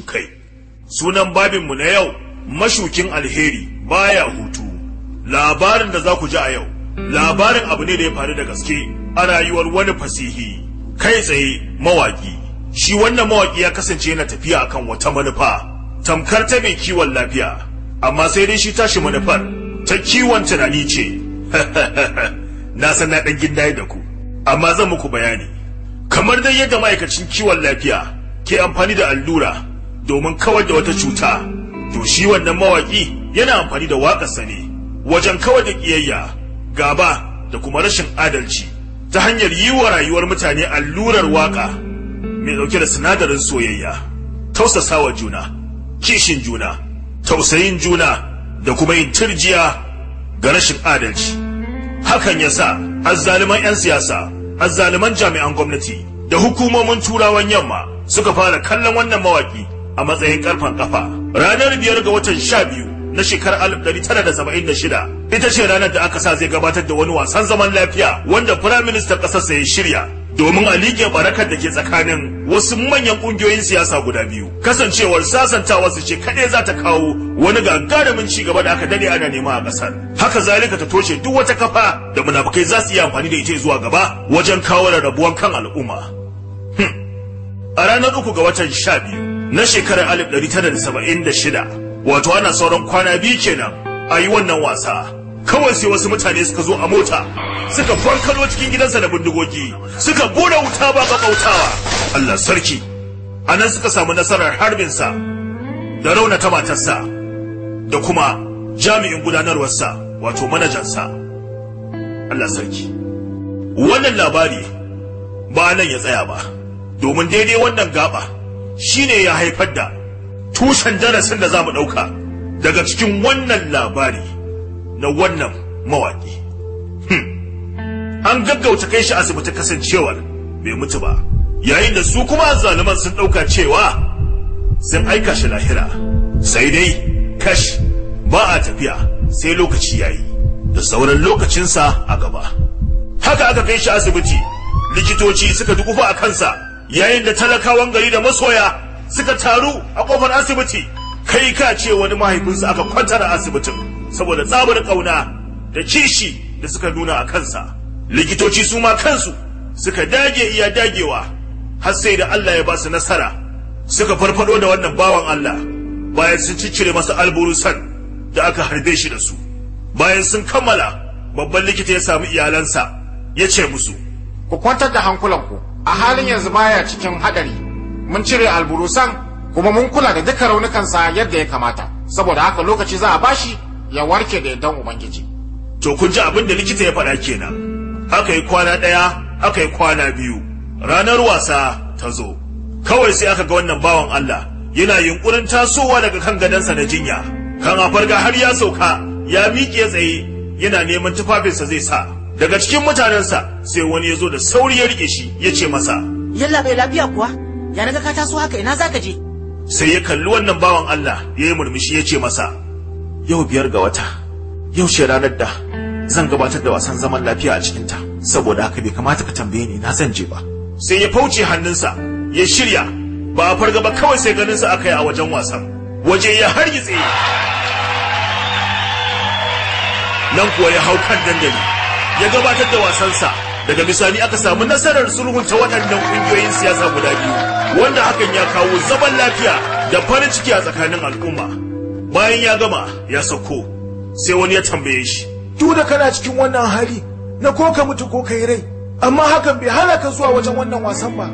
kai sunan babinmu na yau mashukin alheri baya hutu labarin da za ku ji a yau labarin abu ne da ya faru da gaske a rayuwar wani fasihi kai tsaye mawaki shi wannan mawaki ya kasance yana tafiya akan wata manufa tamkar ta mai kiwon lafiya amma sai dai shi tashi manufar ta kiwon tunani ce na san na dan gindaye da ku amma zan muku bayani kamar dai yadda ma'aikacin kiwon lafiya ke amfani da allura domin kawar da wata cuta to shi wannan mawaki yana amfani da waƙarsa ne wajen kawar da ƙiyayya gaba da kuma rashin adalci ta hanyar yi wa rayuwar mutane allurar waƙa mai ɗauke da sinadarin soyayya tausasawa juna kishin juna tausayin juna da kuma yin turjiya ga rashin adalci hakan ya sa azzaliman 'yan siyasa azzaluman jami'an gwamnati da hukumomin turawan yamma suka fara kallon wannan mawaƙi a matsayin karfan kafa ranar biyar ga watan sha biyu na shekarar shida ita ce ranar da aka sa zai gabatar da wani wasan zaman lafiya wanda firaministan sa ya shirya domin a liƙe barakar da ke tsakanin wasu manyan ƙungiyoyin siyasa guda biyu kasancewar sasantawa su ce kaɗai za ta kawo wani gagarumin ci gaba da aka dade ana nema a ƙasar haka zalika ta toshe duk wata kafa da munafukai za su yi amfani da ita zuwa gaba wajen kawo rarrabuwan kan al'umma hmm. a ranar uku ga watan sha biyu na shekarar 1976 wato ana sauran kwana biyu kenan a yi wannan wasa kawai sai wasu mutane suka zo a mota suka farkalo cikin gidansa da bindigogi suka bude wuta ba bautawa. Allah sarki a nan suka samu nasarar harbinsa da raunata matarsa da kuma jami'in gudanarwarsa wato manajansa Allah sarki wannan labari ba nan ya tsaya ba domin daidai wannan gaba shine ya haifar da tushen darasin da za mu ɗauka daga cikin wannan labari na wannan mawaki. Hmm. an gaggauta kai shi asibiti kasancewar bai mutu ba yayin da su kuma zaluman sun ɗauka cewa sun aika shi lahira sai dai kash ba a tafiya sai lokaci yayi da sauran lokacinsa a gaba haka aka kai shi asibiti likitoci suka dukufa a kansa yayin da talakawan gari da masoya suka taru a kofar asibiti kai ka ce wani mahaifinsa aka kwanta a asibitin saboda tsabar kauna da kishi da suka nuna a kansa likitoci su ma kansu suka dage iya dagewa har sai da Allah ya ba su nasara suka farfado da wannan bawan Allah bayan sun ciccire masa alburusan da aka harbe shi da su bayan sun kammala babban likita ya samu iyalansa ya ce musu ku kwantar da hankulanku a halin yanzu baya cikin hadari mun cire alburusan kuma mun kula da duka raunukansa yadda ya kamata saboda haka lokaci za a bashi ya warke da yardan ubangiji to kun ji abin da likita ya faɗa kenan aka yi kwana ɗaya aka yi kwana biyu ranar wasa ta zo kawai sai aka ga wannan bawan Allah yana yunkurin tasowa daga kan gadonsa na jinya kan a farga har ya sauka ya miƙe tsaye yana neman tufafinsa zai sa daga cikin mutanensa sai wani ya zo da sauri ya rike shi ya ce masa yalla bai lafiya kuwa ya naga ka taso haka ina zaka je sai ya kalli wannan bawan Allah ya yi murmushi ya ce masa yau biyar ga wata yau ce ranar da zan gabatar da wasan zaman lafiya a cikinta saboda haka bai kamata ka tambaye ni na zan je ba sai ya fauce hannunsa ya shirya ba a fargaba kawai sai ganinsa aka yi a wajen wasan waje ya hargitse nan kuwa ya hau kan dandali ya gabatar da wasansa daga bisani aka samu nasarar sulhunta waɗannan ƙungiyoyin siyasa guda biyu wanda hakan ya kawo zaman lafiya da farin ciki a tsakanin al'umma bayan ya gama ya sauko sai wani ya tambaye shi tu da kana cikin wannan hali na ko ka mutu ko ka yi rai amma hakan bai hana ka zuwa wajen wannan wasan ba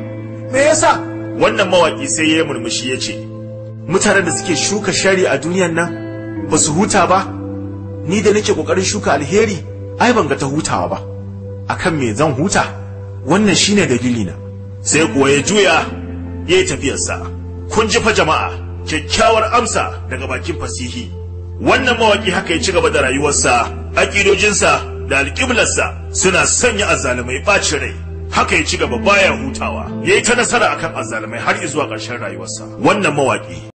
me yasa wannan mawaƙi sai ya murmushi ya ce mutanen da suke shuka shari a duniyan nan ba su huta ba ni da nake ƙoƙarin shuka alheri ai ban ga ta hutawa ba akan me zan huta wannan shine dalili na sai kuwa ya juya ya yi tafiyarsa kun ji fa jama'a kyakkyawar amsa daga bakin fasihi wannan mawaki haka ya ci gaba da rayuwarsa aƙidojinsa da alƙiblarsa suna sanya azzalumai ɓacin rai haka ya ci gaba baya hutawa ya yi ta nasara akan azzalumai har izuwa ƙarshen rayuwarsa wannan mawaki